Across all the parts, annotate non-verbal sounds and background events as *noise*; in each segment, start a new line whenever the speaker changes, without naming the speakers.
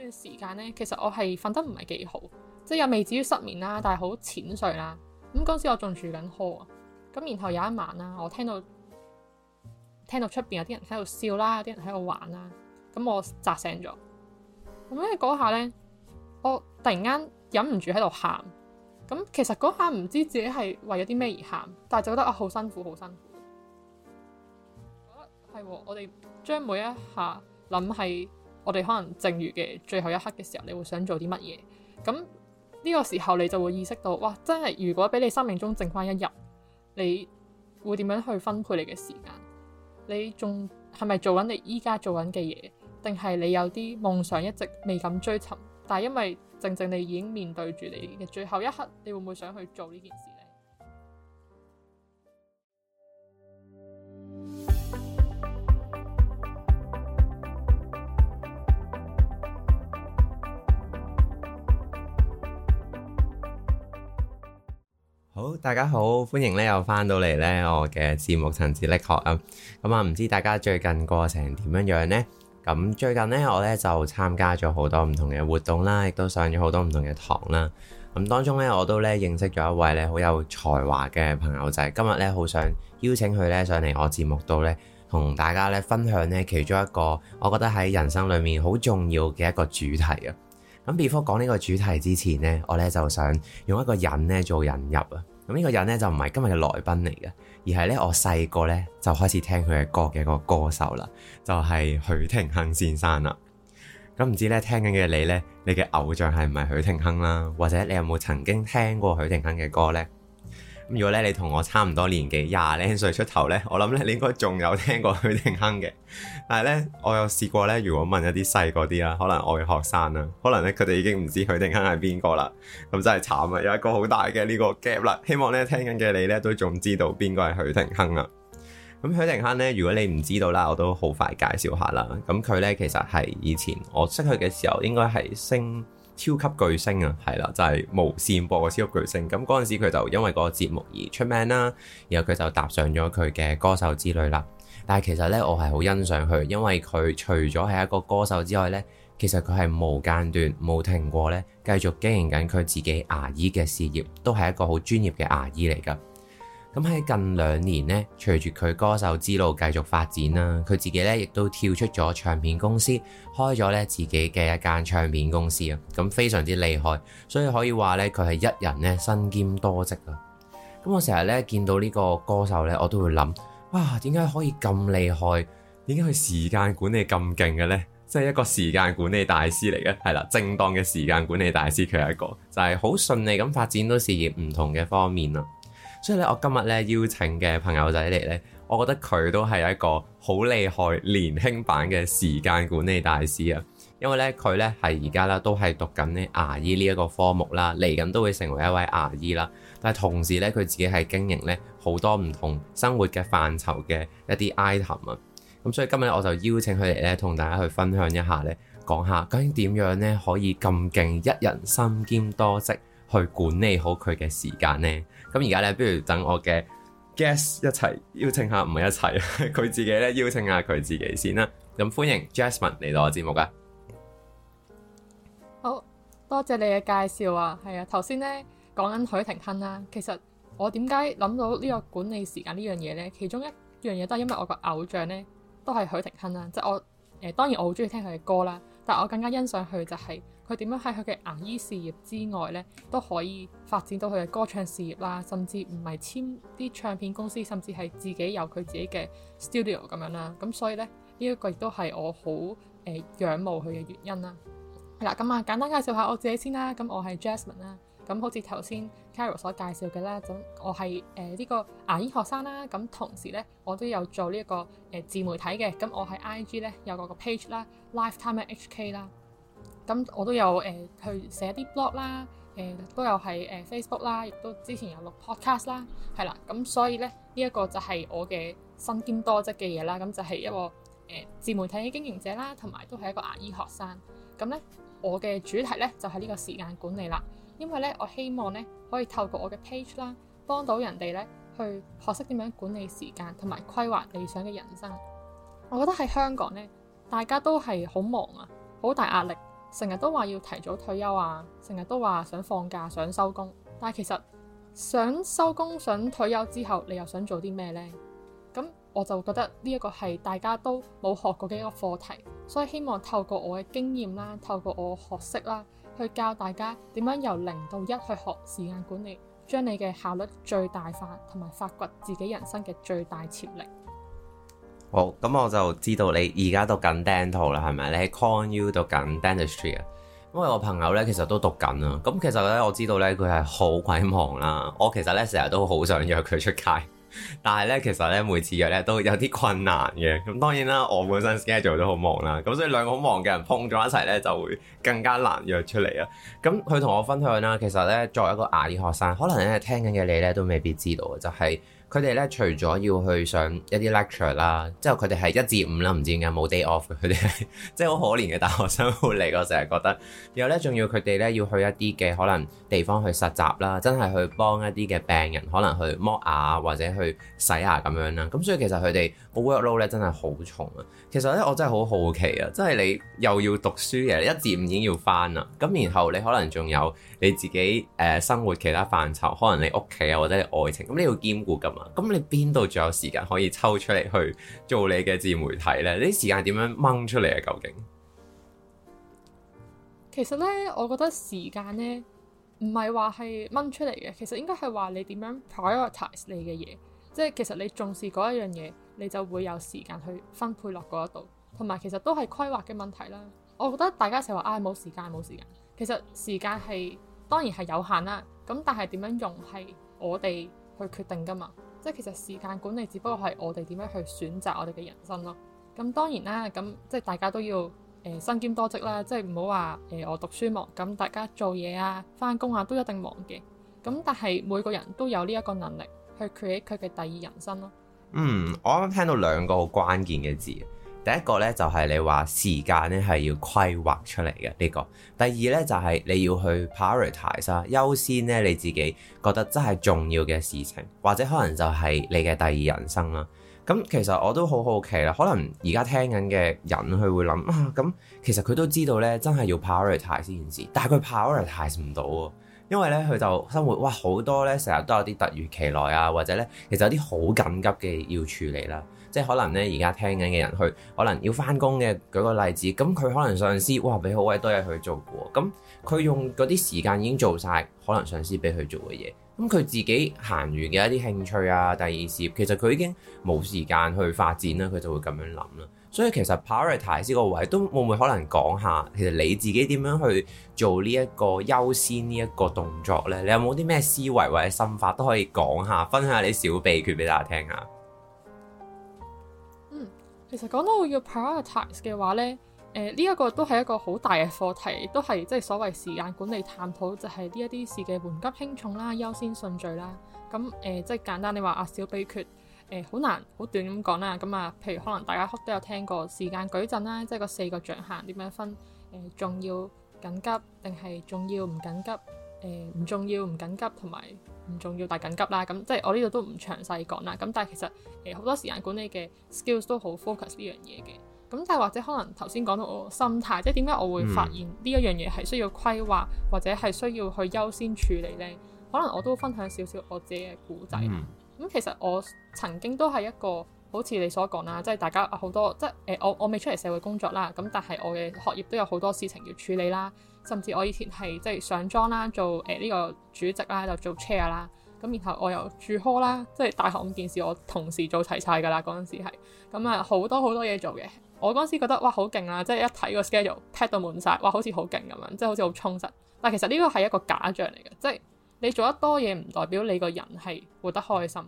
段時間咧，其實我係瞓得唔係幾好，即係又未至於失眠啦，但係好淺睡啦。咁嗰時我仲住緊 hall 啊，咁然後有一晚啦，我聽到聽到出邊有啲人喺度笑啦，有啲人喺度玩啦，咁我扎醒咗。咁咧嗰下咧，我突然間忍唔住喺度喊。咁其實嗰下唔知自己係為咗啲咩而喊，但係就覺得啊好辛苦，好辛苦。係、啊哦、我哋將每一下諗係。我哋可能剩餘嘅最後一刻嘅時候，你會想做啲乜嘢？咁呢個時候，你就會意識到，哇，真係如果俾你生命中剩翻一日，你會點樣去分配你嘅時間？你仲係咪做緊你依家做緊嘅嘢？定係你有啲夢想一直未敢追尋？但係因為靜靜你已經面對住你嘅最後一刻，你會唔會想去做呢件事？
大家好，歡迎咧又翻到嚟咧我嘅節目塵籽力學啊！咁啊唔知大家最近過程點樣樣呢？咁、嗯、最近咧我咧就參加咗好多唔同嘅活動啦，亦都上咗好多唔同嘅堂啦。咁、嗯、當中咧我都咧認識咗一位咧好有才華嘅朋友仔。今日咧好想邀請佢咧上嚟我節目度咧同大家咧分享咧其中一個我覺得喺人生裏面好重要嘅一個主題啊！咁 before 講呢個主題之前咧，我咧就想用一個人咧做引入啊。咁呢個人咧就唔係今日嘅來賓嚟嘅，而係咧我細個咧就開始聽佢嘅歌嘅一個歌手啦，就係許廷鏗先生啦。咁唔知咧聽緊嘅你咧，你嘅偶像係唔係許廷鏗啦？或者你有冇曾經聽過許廷鏗嘅歌咧？如果咧你同我差唔多年紀，廿零歲出頭呢，我諗咧你應該仲有聽過許廷鏗嘅。但係呢，我有試過呢，如果問一啲細個啲啦，可能我嘅學生啦、啊，可能咧佢哋已經唔知許廷鏗係邊個啦。咁真係慘啊！有一個好大嘅呢個 gap 啦。希望呢，聽緊嘅你呢，都仲知道邊個係許廷鏗啊。咁許廷鏗呢，如果你唔知道啦，我都好快介紹下啦。咁佢呢，其實係以前我識佢嘅時候，應該係升。超級巨星啊，係啦，就係無線播嘅超級巨星。咁嗰陣時佢就因為嗰個節目而出名啦，然後佢就踏上咗佢嘅歌手之旅啦。但係其實呢，我係好欣賞佢，因為佢除咗係一個歌手之外呢，其實佢係無間斷、冇停過呢，繼續經營緊佢自己牙醫嘅事業，都係一個好專業嘅牙醫嚟㗎。咁喺近兩年咧，隨住佢歌手之路繼續發展啦，佢自己咧亦都跳出咗唱片公司，開咗咧自己嘅一間唱片公司啊！咁非常之厲害，所以可以話咧，佢係一人咧身兼多職啊！咁我成日咧見到呢個歌手咧，我都會諗：哇，點解可以咁厲害？點解佢時間管理咁勁嘅咧？即係一個時間管理大師嚟嘅，係啦，正當嘅時間管理大師，佢係一個就係好順利咁發展到事業唔同嘅方面啊！所以咧，我今日咧邀請嘅朋友仔嚟咧，我覺得佢都係一個好厲害年輕版嘅時間管理大師啊！因為咧，佢咧係而家啦，都係讀緊呢牙醫呢一個科目啦，嚟緊都會成為一位牙醫啦。但係同時咧，佢自己係經營咧好多唔同生活嘅範疇嘅一啲 item 啊。咁所以今日咧，我就邀請佢嚟咧，同大家去分享一下咧，講下究竟點樣咧可以咁勁一人身兼多職。去管理好佢嘅時間呢。咁而家咧，不如等我嘅 guest 一齊邀請下，唔係一齊，佢 *laughs* 自己咧邀請下佢自己先啦。咁歡迎 Jasmine 嚟到我節目噶，
好多謝你嘅介紹啊。係啊，頭先咧講緊許廷鏗啦，其實我點解諗到呢個管理時間呢樣嘢呢？其中一樣嘢都係因為我個偶像呢，都係許廷鏗啦。即係我誒、呃，當然我好中意聽佢嘅歌啦，但我更加欣賞佢就係。佢點樣喺佢嘅牙醫事業之外咧，都可以發展到佢嘅歌唱事業啦，甚至唔係簽啲唱片公司，甚至係自己有佢自己嘅 studio 咁樣啦。咁所以咧，呢、這、一個亦都係我好誒、呃、仰慕佢嘅原因啦。係啦，咁啊簡單介紹下我自己先啦。咁我係 Jasmine 啦。咁好似頭先 Carol 所介紹嘅啦，咁我係誒呢個牙醫學生啦。咁同時咧，我都有做呢、這、一個誒、呃、自媒體嘅。咁我喺 IG 咧有個個 page 啦，LifeTimer HK 啦。咁我有、呃呃、都有誒去寫啲 blog 啦，誒都有係誒 Facebook 啦，亦都之前有錄 podcast 啦，係啦。咁所以咧呢一、這個就係我嘅身兼多職嘅嘢啦。咁就係一個誒、呃、自媒體嘅經營者啦，同埋都係一個牙醫學生。咁咧我嘅主題咧就係、是、呢個時間管理啦，因為咧我希望咧可以透過我嘅 page 啦，幫到人哋咧去學識點樣管理時間同埋規劃理想嘅人生。我覺得喺香港咧大家都係好忙啊，好大壓力。成日都話要提早退休啊，成日都話想放假、想收工，但係其實想收工、想退休之後，你又想做啲咩呢？咁我就覺得呢一個係大家都冇學過嘅一個課題，所以希望透過我嘅經驗啦，透過我學識啦，去教大家點樣由零到一去學時間管理，將你嘅效率最大化，同埋發掘自己人生嘅最大潛力。
好，咁我就知道你而家讀緊 Dental 啦，係咪？你喺 CornU 讀緊 Dentistry 啊？因為我朋友咧其實都讀緊啦。咁其實咧我知道咧佢係好鬼忙啦。我其實咧成日都好想約佢出街，但係咧其實咧每次約咧都有啲困難嘅。咁當然啦，我本身 schedule 都好忙啦。咁所以兩個好忙嘅人碰咗一齊咧就會更加難約出嚟啊。咁佢同我分享啦，其實咧作為一個牙醫學生，可能咧聽緊嘅你咧都未必知道，就係、是。佢哋咧除咗要去上一啲 lecture 啦，之後佢哋係一至五啦，唔知點解冇 day off，佢哋係即係好可憐嘅大學生活嚟，我成日覺得。然後咧仲要佢哋咧要去一啲嘅可能地方去實習啦，真係去幫一啲嘅病人可能去剝牙或者去洗牙咁樣啦。咁所以其實佢哋 work load 咧真係好重啊。其實咧我真係好好奇啊，即係你又要讀書嘅一至五已經要返啦，咁然後你可能仲有你自己誒、呃、生活其他範疇，可能你屋企啊或者你愛情，咁你要兼顧咁。咁你邊度仲有時間可以抽出嚟去做你嘅自媒體呢？呢啲時間點樣掹出嚟啊？究竟
其實呢，我覺得時間呢唔係話係掹出嚟嘅，其實應該係話你點樣 prioritize 你嘅嘢，即係其實你重視嗰一樣嘢，你就會有時間去分配落嗰一度。同埋，其實都係規劃嘅問題啦。我覺得大家成日話，唉，冇時間冇時間，其實時間係當然係有限啦。咁但係點樣用係我哋去決定噶嘛。即係其實時間管理，只不過係我哋點樣去選擇我哋嘅人生咯。咁當然啦，咁即係大家都要誒、呃、身兼多職啦，即係唔好話誒我讀書忙，咁大家做嘢啊、翻工啊都一定忙嘅。咁但係每個人都有呢一個能力去 create 佢嘅第二人生咯。
嗯，我啱啱聽到兩個好關鍵嘅字。第一個咧就係、是、你話時間咧係要規劃出嚟嘅呢個，第二咧就係、是、你要去 prioritize 啦，優先咧你自己覺得真係重要嘅事情，或者可能就係你嘅第二人生啦。咁、嗯、其實我都好好奇啦，可能而家聽緊嘅人佢會諗啊，咁、嗯、其實佢都知道咧真係要 prioritize 呢件事，但係佢 prioritize 唔到喎、啊，因為咧佢就生活哇好多咧成日都有啲突如其來啊，或者咧其實有啲好緊急嘅要處理啦。即係可能咧，而家聽緊嘅人去，可能要翻工嘅。舉個例子，咁佢可能上司哇俾好鬼多嘢去做喎，咁佢用嗰啲時間已經做晒，可能上司俾佢做嘅嘢。咁佢自己行完嘅一啲興趣啊，第二事業，其實佢已經冇時間去發展啦。佢就會咁樣諗啦。所以其實 prioritize 個位都會唔會可能講下，其實你自己點樣去做呢一個優先呢一個動作呢？你有冇啲咩思維或者心法都可以講下，分享下你小秘訣俾大家聽下？
其實講到要 prioritize 嘅話咧，誒、呃、呢、這個、一個都係一個好大嘅課題，都係即係所謂時間管理探討，就係呢一啲事嘅緩急輕重啦、優先順序啦。咁、嗯、誒、呃、即係簡單，你話阿小秘訣，誒、呃、好難好短咁講啦。咁、嗯、啊，譬如可能大家都有聽過時間矩陣啦，即係個四個象限點樣分，誒、呃、重要緊急，定係重要唔緊急，誒、呃、唔重要唔緊急，同埋。唔重要但係緊急啦，咁即係我呢度都唔詳細講啦。咁但係其實誒好、呃、多時間管理嘅 skills 都好 focus 呢樣嘢嘅。咁但係或者可能頭先講到我心態，即係點解我會發現呢一樣嘢係需要規劃或者係需要去優先處理呢？可能我都分享少少我自己嘅故仔。咁、嗯、其實我曾經都係一個好似你所講啦，即、就、係、是、大家好多即係、就是呃、我我未出嚟社會工作啦，咁但係我嘅學業都有好多事情要處理啦。甚至我以前係即係上莊啦，做誒呢、呃這個主席啦，就做 chair 啦。咁然後我又住 hall 啦，即係大學五件事，我同時做齊晒噶啦。嗰陣時係咁啊，好、嗯、多好多嘢做嘅。我嗰陣時覺得哇，好勁啦！即係一睇個 schedule，pad 到滿晒，哇，好似好勁咁樣，即係好似好充實。但其實呢個係一個假象嚟嘅，即係你做得多嘢唔代表你個人係活得開心。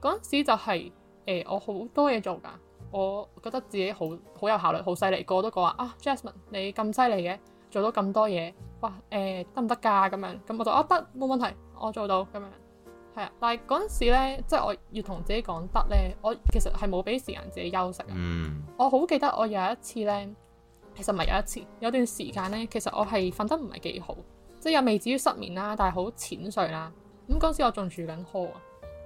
嗰陣時就係、是、誒、呃，我好多嘢做㗎，我覺得自己好好有效率，好犀利。個個都講話啊，Jasmine 你咁犀利嘅。做到咁多嘢，哇，誒、欸，得唔得噶？咁樣，咁我就啊得，冇問題，我做到咁樣，係啊。但係嗰陣時咧，即係我要同自己講得咧，我其實係冇俾時間自己休息啊。嗯、我好記得我有一次咧，其實唔係有一次，有段時間咧，其實我係瞓得唔係幾好，即係又未至於失眠啦，但係好淺睡啦。咁、嗯、嗰時我仲住緊科啊，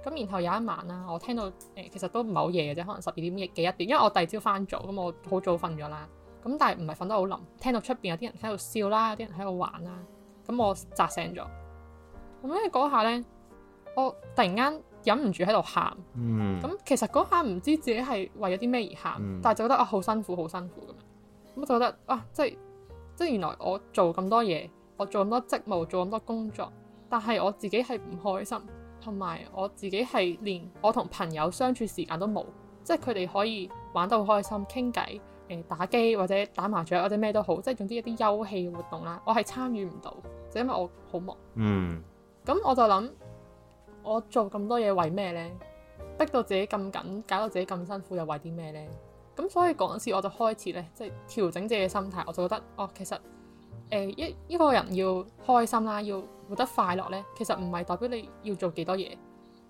咁然後有一晚啦，我聽到誒、欸，其實都唔係好夜嘅啫，可能十二點幾、一點，因為我第二朝翻早，咁我好早瞓咗啦。咁但係唔係瞓得好腍，聽到出面有啲人喺度笑啦，有啲人喺度玩啦，咁我扎醒咗。咁咧嗰下咧，我突然間忍唔住喺度喊。咁、mm hmm. 其實嗰下唔知自己係為咗啲咩而喊，mm hmm. 但係就覺得啊好辛苦，好辛苦咁。咁就覺得啊，即係即係原來我做咁多嘢，我做咁多職務，做咁多工作，但係我自己係唔開心，同埋我自己係連我同朋友相處時間都冇，即係佢哋可以玩得好開心，傾偈。誒，打機或者打麻雀，或者咩都好，即係總之一啲休憩活動啦，我係參與唔到，就是、因為我好忙。嗯，咁我就諗，我做咁多嘢為咩呢？逼到自己咁緊，搞到自己咁辛苦，又為啲咩呢？咁所以嗰陣時我就開始咧，即係調整自己嘅心態，我就覺得哦，其實誒，依、呃、依個人要開心啦，要活得快樂呢，其實唔係代表你要做幾多嘢。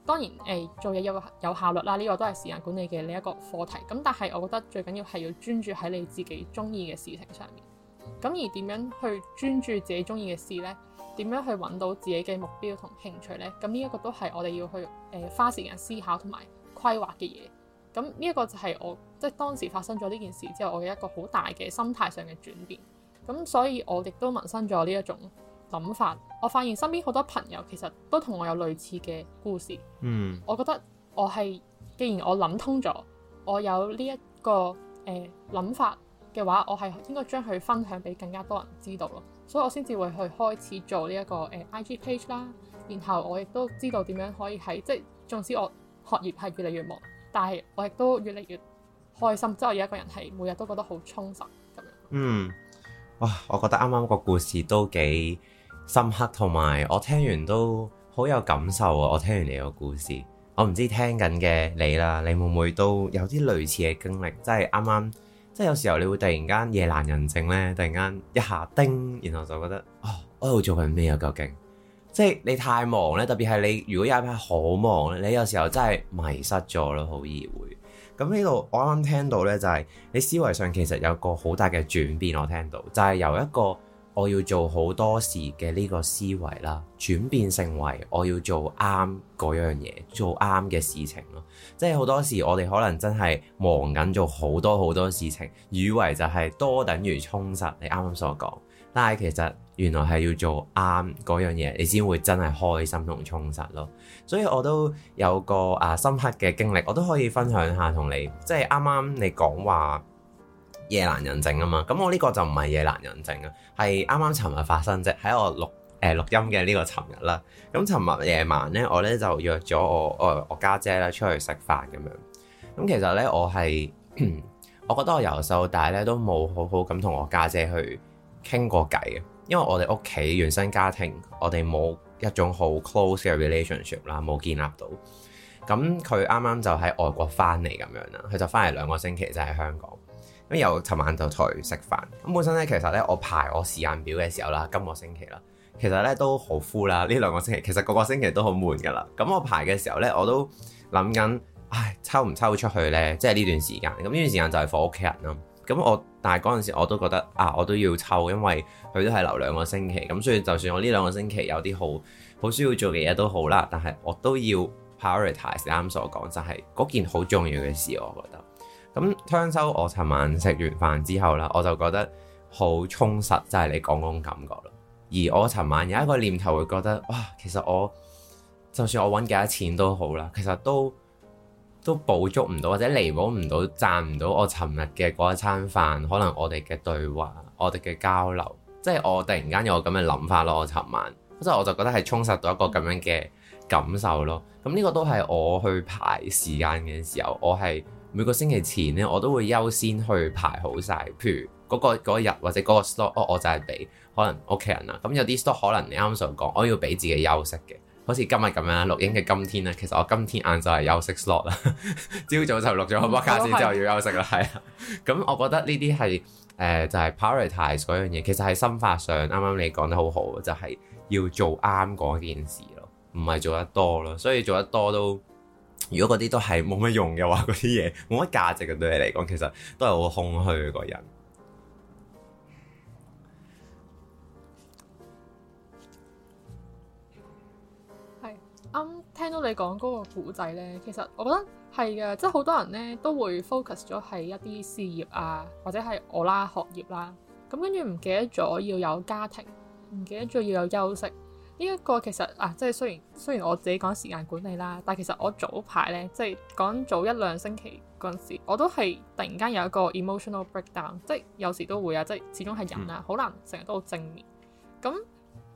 當然，誒、呃、做嘢有有效率啦，呢、這個都係時間管理嘅呢一個課題。咁但係我覺得最緊要係要專注喺你自己中意嘅事情上面。咁而點樣去專注自己中意嘅事呢？點樣去揾到自己嘅目標同興趣呢？咁呢一個都係我哋要去誒、呃、花時間思考同埋規劃嘅嘢。咁呢一個就係我即係當時發生咗呢件事之後，我嘅一個好大嘅心態上嘅轉變。咁、嗯、所以我亦都萌生咗呢一種。諗法，我發現身邊好多朋友其實都同我有類似嘅故事。嗯，我覺得我係既然我諗通咗，我有呢一個誒諗、呃、法嘅話，我係應該將佢分享俾更加多人知道咯。所以我先至會去開始做呢、這、一個誒、呃、IG page 啦。然後我亦都知道點樣可以喺即係，縱使我學業係越嚟越忙，但係我亦都越嚟越開心，即係我而家個人係每日都覺得好充實咁
樣。嗯，哇！我覺得啱啱個故事都幾～深刻同埋，我聽完都好有感受啊！我聽完你個故事，我唔知聽緊嘅你啦，你會唔會都有啲類似嘅經歷？即係啱啱，即係有時候你會突然間夜闌人靜呢，突然間一下叮，然後就覺得哦，我喺度做緊咩啊？究竟？即係你太忙呢，特別係你如果有一日好忙呢，你有時候真係迷失咗咯，好易會。咁呢度我啱啱聽到呢，就係你思維上其實有個好大嘅轉變，我聽到就係由一個。我要做好多事嘅呢個思維啦，轉變成為我要做啱嗰樣嘢，做啱嘅事情咯。即係好多時我哋可能真係忙緊做好多好多事情，以為就係多等於充實。你啱啱所講，但係其實原來係要做啱嗰樣嘢，你先會真係開心同充實咯。所以我都有個啊深刻嘅經歷，我都可以分享下同你。即係啱啱你講話。夜闌人靜啊嘛，咁我，我、呃嗯、我呢個就唔係夜闌人靜啊，係啱啱尋日發生啫，喺我錄誒錄音嘅呢個尋日啦。咁尋日夜晚咧，我咧就約咗我誒我家姐啦出去食飯咁樣。咁、嗯、其實咧，我係 *coughs* 我覺得我由細到大咧都冇好好咁同我家姐，姐去傾過偈啊，因為我哋屋企原生家庭我哋冇一種好 close 嘅 relationship 啦，冇建立到。咁佢啱啱就喺外國翻嚟咁樣啦，佢就翻嚟兩個星期就喺香港。咁又，尋晚就同佢食飯。咁本身咧，其實咧，我排我時間表嘅時候啦，今個星期啦，其實咧都好 full 啦。呢兩個星期，其實個個星期都好悶噶啦。咁我排嘅時候咧，我都諗緊，唉，抽唔抽出去咧？即係呢段時間。咁呢段時間就係放屋企人啦。咁我但係嗰陣時我都覺得，啊，我都要抽，因為佢都係留兩個星期。咁所以就算我呢兩個星期有啲好，好需要做嘅嘢都好啦，但係我都要 prioritize 啱啱所講，就係嗰件好重要嘅事，我覺得。咁聽收，我尋晚食完飯之後啦，我就覺得好充實，就係你講嗰種感覺啦。而我尋晚有一個念頭，會覺得哇，其實我就算我揾幾多錢都好啦，其實都都補足唔到或者彌補唔到賺唔到我尋日嘅嗰一餐飯，可能我哋嘅對話，我哋嘅交流，即係我突然間有咁嘅諗法咯。我尋晚，所以我就覺得係充實到一個咁樣嘅感受咯。咁呢個都係我去排時間嘅時候，我係。每個星期前咧，我都會優先去排好晒。譬如嗰、嗰個嗰、嗰個、日或者嗰個 slot，哦，我就係俾可能屋企人啦。咁有啲 slot 可能你啱想講，我要俾自己休息嘅。好似今日咁樣，錄影嘅今天咧，其實我今天晏晝就係休息 slot 啦。朝 *laughs* 早就錄咗個畫卡先，嗯、之後要休息咯。係啊， *laughs* 咁我覺得呢啲係誒就係、是、prioritize 嗰樣嘢。其實喺心法上，啱啱你講得好好，就係、是、要做啱嗰件事咯，唔係做得多咯。所以做得多都。如果嗰啲都係冇乜用嘅話，嗰啲嘢冇乜價值嘅對你嚟講，其實都係好空虛嘅個人。
係，啱、嗯、聽到你講嗰個古仔咧，其實我覺得係嘅，即係好多人咧都會 focus 咗喺一啲事業啊，或者係我啦學業啦、啊，咁跟住唔記得咗要有家庭，唔記得咗要有休息。呢一個其實啊，即係雖然雖然我自己講時間管理啦，但係其實我早排咧，即係講早一兩星期嗰陣時，我都係突然間有一個 emotional breakdown，即係有時都會啊，即係始終係人啊，好難成日都好正面。咁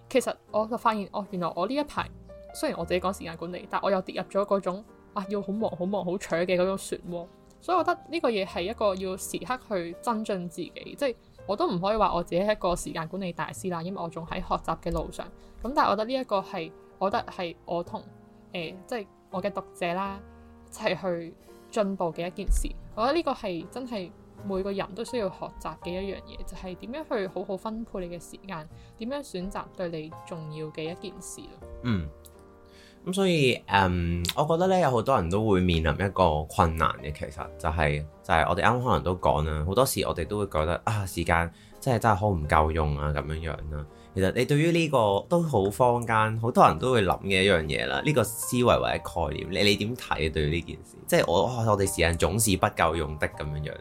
其實我就發現，哦，原來我呢一排雖然我自己講時間管理，但我又跌入咗嗰種啊要好忙、好忙、好扯嘅嗰種漩渦。所以我覺得呢個嘢係一個要時刻去增進自己，即係。我都唔可以話我自己係一個時間管理大師啦，因為我仲喺學習嘅路上。咁但係我覺得呢一個係，我覺得係我同誒，即係我嘅讀者啦一齊去進步嘅一件事。我覺得呢個係真係每個人都需要學習嘅一樣嘢，就係點樣去好好分配你嘅時間，點樣選擇對你重要嘅一件事咯。嗯。
咁所以，嗯，我覺得咧，有好多人都會面臨一個困難嘅，其實就係就係我哋啱可能都講啦，好多時我哋都會覺得啊，時間真係真係好唔夠用啊，咁樣樣啦。其實你對於呢個都好坊間好多人都會諗嘅一樣嘢啦。呢個思維或者概念，你你點睇對呢件事？即係我我哋時間總是不夠用的咁樣樣。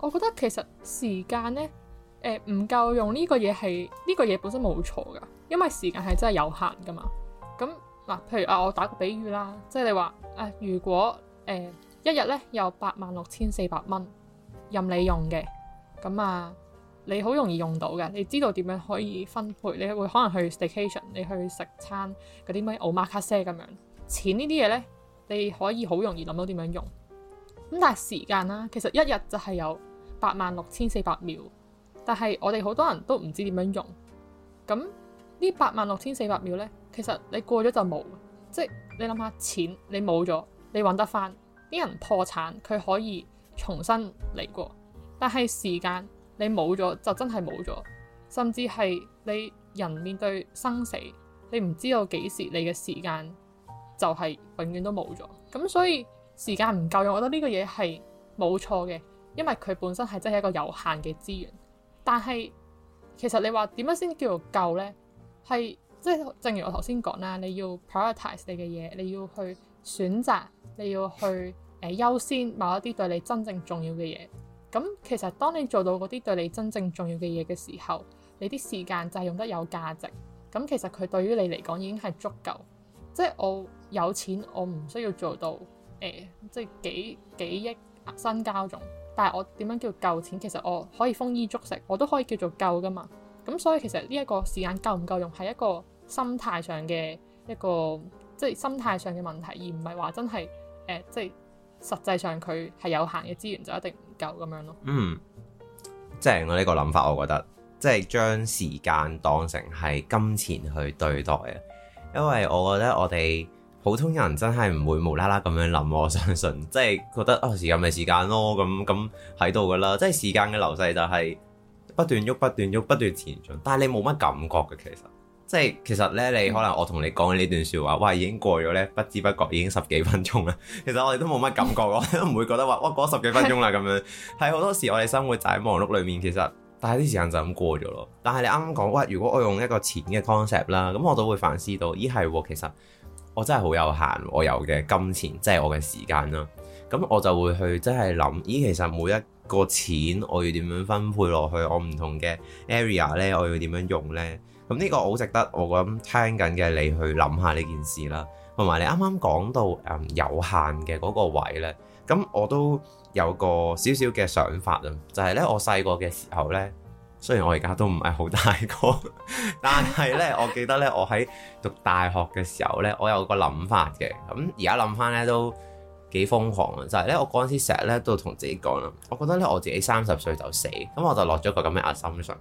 我覺得其實時間咧。誒唔、呃、夠用呢個嘢係呢個嘢本身冇錯噶，因為時間係真係有限噶嘛。咁嗱、呃，譬如啊、呃，我打個比喻啦，即係你話啊，如果誒、呃、一日咧有八萬六千四百蚊任你用嘅咁啊，你好容易用到嘅。你知道點樣可以分配？你會可能去 staycation，你去食餐嗰啲咩？歐瑪卡西咁樣，錢呢啲嘢咧，你可以好容易諗到點樣用咁，但係時間啦、啊，其實一日就係有八萬六千四百秒。但係我哋好多人都唔知點樣用咁呢八萬六千四百秒呢，其實你過咗就冇，即係你諗下錢，你冇咗你搵得翻，啲人破產佢可以重新嚟過，但係時間你冇咗就真係冇咗，甚至係你人面對生死，你唔知道幾時你嘅時間就係永遠都冇咗。咁所以時間唔夠用，我覺得呢個嘢係冇錯嘅，因為佢本身係真係一個有限嘅資源。但係，其實你話點樣先叫做夠呢？係即係，就是、正如我頭先講啦，你要 prioritize 你嘅嘢，你要去選擇，你要去誒優、呃、先某一啲對你真正重要嘅嘢。咁其實當你做到嗰啲對你真正重要嘅嘢嘅時候，你啲時間就係用得有價值。咁其實佢對於你嚟講已經係足夠。即、就、係、是、我有錢，我唔需要做到誒，即、呃、係、就是、幾幾億身交種。但係我點樣叫做夠錢？其實我可以豐衣足食，我都可以叫做夠噶嘛。咁所以其實呢一個時間夠唔夠用，係一個心態上嘅一個即係心態上嘅問題，而唔係話真係誒、呃、即係實際上佢係有限嘅資源就一定唔夠咁樣咯。嗯，
即係我呢個諗法，我覺得即係將時間當成係金錢去對待啊，因為我覺得我哋。普通人真係唔會無啦啦咁樣諗，我相信即係覺得啊，時間咪時間咯，咁咁喺度噶啦。即係時間嘅流逝就係不斷喐，不斷喐，不斷前進，但係你冇乜感覺嘅。其實即係其實咧，你可能我同你講嘅呢段說話，哇，已經過咗咧，不知不覺已經十幾分鐘啦。其實我哋都冇乜感覺， *laughs* 我哋都唔會覺得話哇，嗰十幾分鐘啦咁樣。喺好 *laughs* 多時，我哋生活就喺忙碌裏面，其實但係啲時間就咁過咗咯。但係你啱啱講喂，如果我用一個淺嘅 concept 啦，咁我都會反思到咦係，其實。我真係好有限，我有嘅金錢即係我嘅時間啦。咁我就會去真係諗，咦，其實每一個錢我要點樣分配落去？我唔同嘅 area 呢，我要點樣用呢？咁呢個好值得我咁聽緊嘅，你去諗下呢件事啦。同埋你啱啱講到誒、嗯、有限嘅嗰個位呢，咁我都有個少少嘅想法啊，就係呢：我細個嘅時候呢。雖然我而家都唔係好大個， *laughs* 但係咧，我記得咧，我喺讀大學嘅時候咧，我有個諗法嘅。咁而家諗翻咧都幾瘋狂啊！就係咧，我嗰陣時成日咧都同自己講啦，我覺得咧我自己三十歲就死，咁我就落咗個咁嘅壓心術。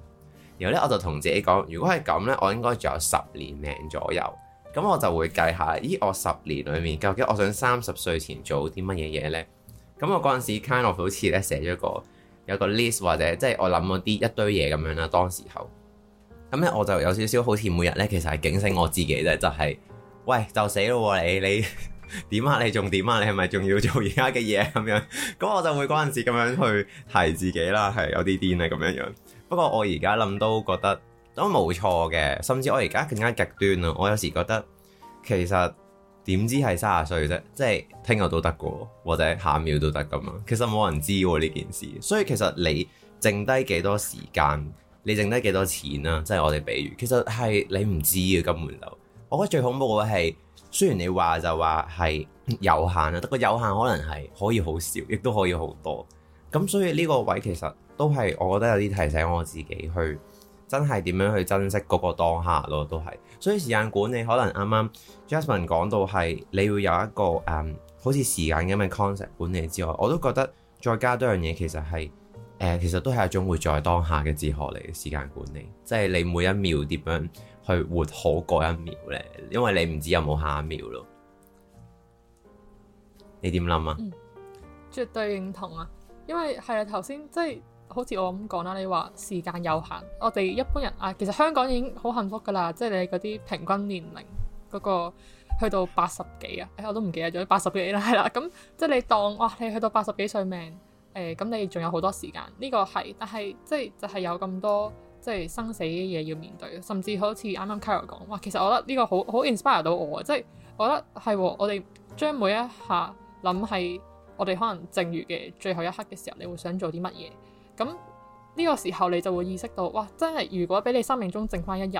然後咧我就同自己講，如果係咁咧，我應該仲有十年命左右，咁我就會計下，咦我十年裡面究竟我想三十歲前做啲乜嘢嘢咧？咁我嗰陣時 kind of 好似咧寫咗一個。有個 list 或者即係我諗嗰啲一堆嘢咁樣啦，當時候咁咧我就有少少好似每日咧，其實係警醒我自己咧，就係、是、喂就死咯，啊、你你點 *laughs* 啊你仲點啊你係咪仲要做而家嘅嘢咁樣？咁 *laughs* 我就會嗰陣時咁樣去提自己啦，係有啲癲啊咁樣樣。不過我而家諗都覺得都冇錯嘅，甚至我而家更加極端咯。我有時覺得其實。點知係卅歲啫？即係聽日都得嘅，或者下一秒都得㗎嘛。其實冇人知呢件事，所以其實你剩低幾多時間，你剩低幾多錢啊？即係我哋比喻，其實係你唔知嘅金門樓。我覺得最恐怖嘅係，雖然你話就話係有限啊，得個有限可能係可以好少，亦都可以好多。咁所以呢個位其實都係我覺得有啲提醒我自己去，真係點樣去珍惜嗰個當下咯，都係。所以時間管理可能啱啱 Jasmine 講到係，你會有一個誒、嗯，好似時間咁嘅 concept 管理之外，我都覺得再加多樣嘢，其實係誒、呃，其實都係一種活在當下嘅哲學嚟。時間管理，即係你每一秒點樣去活好嗰一秒咧，因為你唔知有冇下一秒咯。你點諗啊、嗯？
絕對認同啊，因為係啊頭先即係。好似我咁講啦，你話時間有限，我哋一般人啊，其實香港已經好幸福㗎啦。即係你嗰啲平均年齡嗰個去到八十幾啊，我都唔記得咗，八十幾啦，係啦。咁即係你當哇，你去到八十幾歲命誒，咁，欸，你仲有好多時間呢個係，但係即係就係有咁多即係生死嘅嘢要面對。甚至好似啱啱 Carol 講哇，其實我覺得呢個好好 inspire 到我啊，即係我覺得係我哋將每一下諗係我哋可能剩餘嘅最後一刻嘅時候，你會想做啲乜嘢？咁呢個時候你就會意識到，哇，真係如果俾你生命中剩翻一日，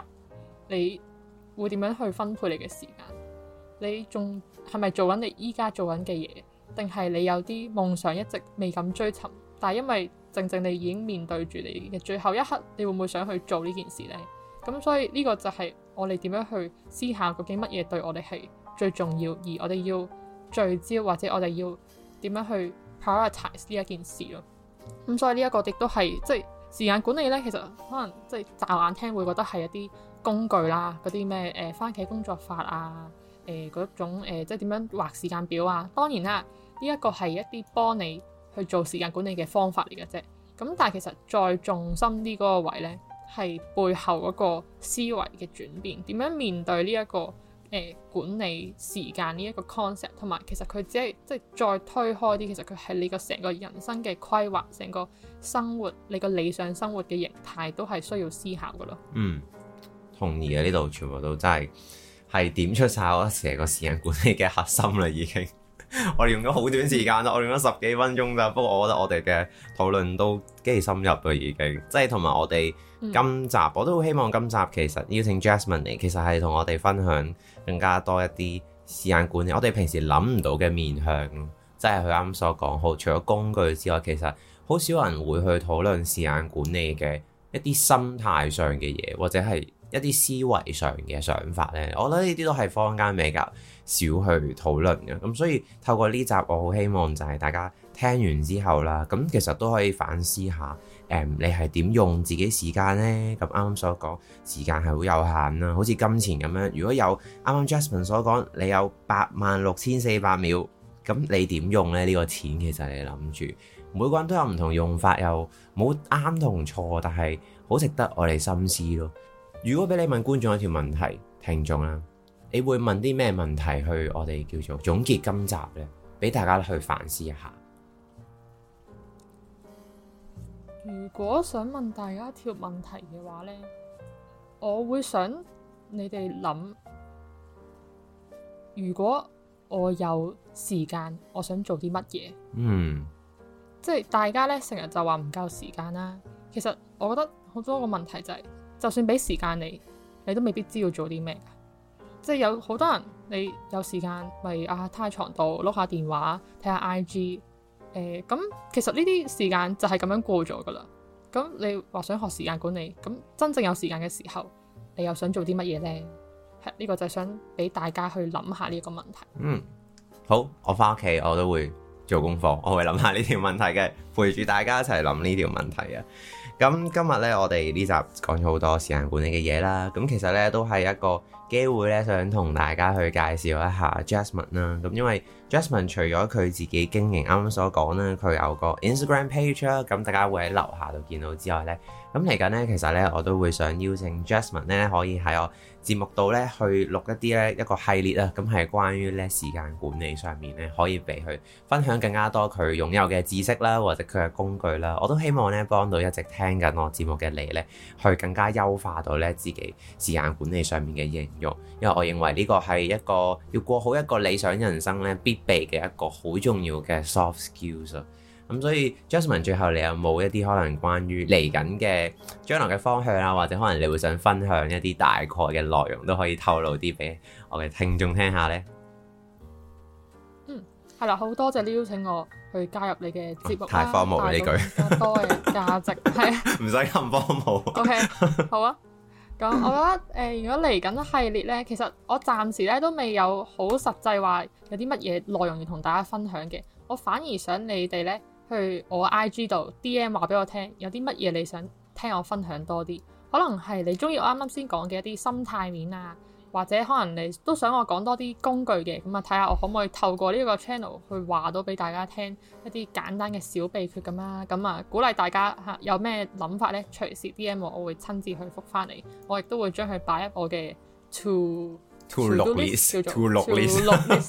你會點樣去分配你嘅時間？你仲係咪做緊你依家做緊嘅嘢，定係你有啲夢想一直未敢追尋？但係因為正正你已經面對住你嘅最後一刻，你會唔會想去做呢件事呢？咁所以呢個就係我哋點樣去思考究竟乜嘢對我哋係最重要，而我哋要聚焦或者我哋要點樣去 prioritize 呢一件事咯。咁、嗯、所以呢一個亦都係即係時間管理咧，其實可能即係乍眼聽會覺得係一啲工具啦，嗰啲咩誒番茄工作法啊，誒、呃、嗰種誒、呃、即係點樣畫時間表啊。當然啦，呢、這個、一個係一啲幫你去做時間管理嘅方法嚟嘅啫。咁但係其實再重心啲嗰個位咧，係背後嗰個思維嘅轉變，點樣面對呢、這、一個。呃、管理時間呢一個 concept，同埋其實佢只係即係再推開啲，其實佢係你個成個人生嘅規劃，成個生活你個理想生活嘅形態都係需要思考㗎囉。嗯，
同意啊，呢度全部都真係係點出曬我成個時間管理嘅核心啦，已經。 *laughs* 我哋用咗好短時間啦，我用咗十幾分鐘咋，不過我覺得我哋嘅討論都幾深入啦，已經，即係同埋我哋今集，我都好希望今集其實邀請 Jasmine 嚟，其實係同我哋分享更加多一啲時間管理，我哋平時諗唔到嘅面向，即係佢啱所講，好除咗工具之外，其實好少人會去討論時間管理嘅一啲心態上嘅嘢，或者係一啲思維上嘅想法咧，我覺得呢啲都係坊間未教。少去討論嘅，咁所以透過呢集，我好希望就係大家聽完之後啦，咁其實都可以反思下，誒、嗯，你係點用自己時間呢？咁啱啱所講時間係好有限啦，好似金錢咁樣。如果有啱啱 Jasmine 所講，你有八萬六千四百秒，咁你點用呢？呢、這個錢其實你諗住，每個人都有唔同用法，又冇啱同錯，但係好值得我哋深思咯。如果俾你問觀眾一條問題，聽眾啦。你會問啲咩問題去我哋叫做總結今集咧，俾大家去反思一下。
如果想問大家一條問題嘅話咧，我會想你哋諗，如果我有時間，我想做啲乜嘢？嗯，即係大家咧成日就話唔夠時間啦。其實我覺得好多個問題就係，就算俾時間你，你都未必知要做啲咩㗎。即係有好多人，你有時間咪、就是、啊，喺床度碌下電話，睇下 IG，誒、呃，咁其實呢啲時間就係咁樣過咗噶啦。咁你話想學時間管理，咁真正有時間嘅時候，你又想做啲乜嘢呢？呢個就係想俾大家去諗下呢個問題。嗯，
好，我翻屋企我都會做功課，我會諗下呢條問題嘅，陪住大家一齊諗呢條問題啊。咁今日咧，我哋呢集講咗好多時間管理嘅嘢啦。咁其實咧，都係一個機會咧，想同大家去介紹一下 Jasmine 啦。咁因為 Jasmine 除咗佢自己經營啱啱所講啦，佢有個 Instagram page 啦，咁大家會喺樓下度見到之外咧。咁嚟緊咧，其實咧我都會想邀請 Jasmine 咧，可以喺我節目度咧去錄一啲咧一個系列啦。咁、嗯、係關於咧時間管理上面咧，可以俾佢分享更加多佢擁有嘅知識啦，或者佢嘅工具啦。我都希望咧幫到一直聽緊我節目嘅你咧，去更加優化到咧自己時間管理上面嘅應用。因為我認為呢個係一個要過好一個理想人生咧必備嘅一個好重要嘅 soft skills。咁所以，Jasmine，最後你有冇一啲可能關於嚟緊嘅將來嘅方向啊，或者可能你會想分享一啲大概嘅內容都可以透露啲俾我嘅聽眾聽下呢？嗯，
係啦，好多謝你邀請我去加入你嘅節目，哦、太荒無嘅呢句多嘅價值係
唔使咁荒無。 *laughs* *laughs* o、okay,
K，好啊。咁我覺得誒、呃，如果嚟緊系列呢，其實我暫時咧都未有好實際話有啲乜嘢內容要同大家分享嘅。我反而想你哋呢。去我 IG 度 DM 話俾我聽，有啲乜嘢你想聽我分享多啲？可能係你中意我啱啱先講嘅一啲心態面啊，或者可能你都想我講多啲工具嘅，咁啊睇下我可唔可以透過呢個 channel 去話到俾大家聽一啲簡單嘅小秘訣咁嘛？咁啊鼓勵大家吓有咩諗法咧，隨時 DM 我，我會親自去覆返你。我亦都會將佢擺入我嘅
to o t to, to list，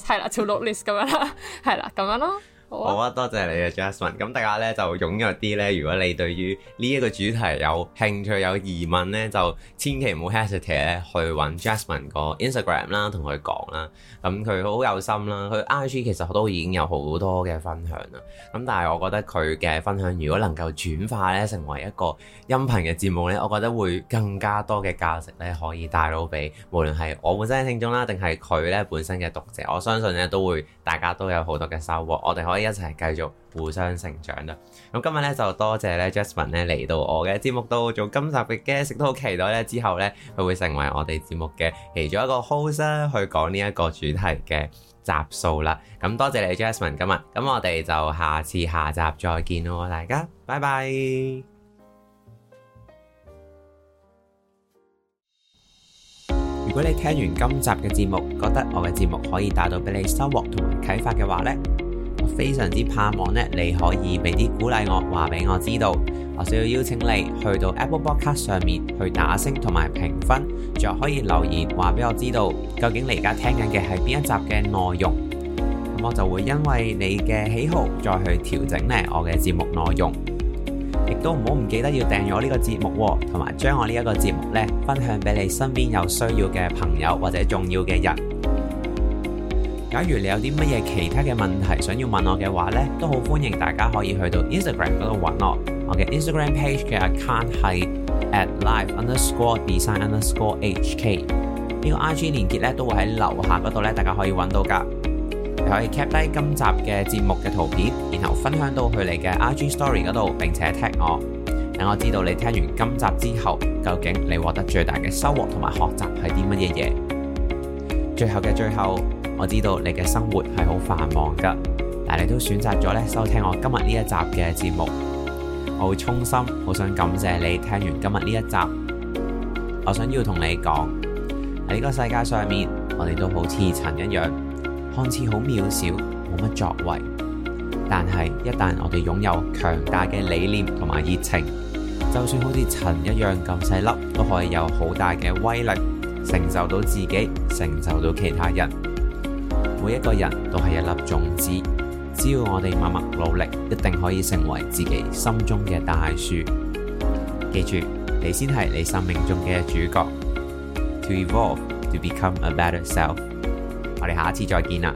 係啦，to list 咁樣啦，係啦咁樣咯。好啊
好，多謝你啊，Jasmine。咁大家咧就踴躍啲咧，如果你對於呢一個主題有興趣、有疑問咧，就千祈唔好 hesitate 咧，去揾 Jasmine 個 Instagram 啦，同佢講啦。咁佢好有心啦，佢 IG 其實都已經有好多嘅分享啦。咁但係我覺得佢嘅分享如果能夠轉化咧成為一個音頻嘅節目咧，我覺得會更加多嘅價值咧可以帶到俾無論係我本身嘅聽眾啦，定係佢咧本身嘅讀者，我相信咧都會大家都有好多嘅收穫。我哋可以，一齊繼續互相成長啦。咁今日咧就多謝咧，Jasmine 咧嚟到我嘅節目度做今集嘅 guest，都好期待咧。之後咧佢會成為我哋節目嘅其中一個 host 啦，去講呢一個主題嘅集數啦。咁多謝你，Jasmine 今日。咁我哋就下次下集再見咯，大家拜拜。如果你聽完今集嘅節目，覺得我嘅節目可以達到俾你收穫同埋啟發嘅話咧。非常之盼望呢，你可以俾啲鼓勵我，話俾我知道。我需要邀請你去到 Apple Podcast 上面去打星同埋評分，仲可以留言話俾我知道，究竟你而家聽緊嘅係邊一集嘅內容。咁我就會因為你嘅喜好再去調整呢我嘅節目內容。亦都唔好唔記得要訂閱我呢個節目，同埋將我呢一個節目呢分享俾你身邊有需要嘅朋友或者重要嘅人。假如你有啲乜嘢其他嘅問題，想要問我嘅話呢，都好歡迎大家可以去到 Instagram 嗰度揾我。我嘅 Instagram page 嘅 account 係 at life underscore design underscore HK，呢個 IG 連結咧都會喺樓下嗰度咧，大家可以揾到噶。你可以 cap 低今集嘅節目嘅圖片，然後分享到去你嘅 IG story 嗰度，並且踢我，等我知道你聽完今集之後，究竟你獲得最大嘅收穫同埋學習係啲乜嘢嘢。最後嘅最後。我知道你嘅生活係好繁忙噶，但係你都選擇咗咧收聽我今日呢一集嘅節目。我會衷心好想感謝你聽完今日呢一集。我想要同你講喺呢個世界上面，我哋都好似塵一樣，看似好渺小，冇乜作為。但係一旦我哋擁有強大嘅理念同埋熱情，就算好似塵一樣咁細粒，都可以有好大嘅威力，成就到自己，成就到其他人。每一個人都係一粒種子，只要我哋默默努力，一定可以成為自己心中嘅大樹。記住，你先係你生命中嘅主角。To evolve, to become a better self。我哋下一次再見啦！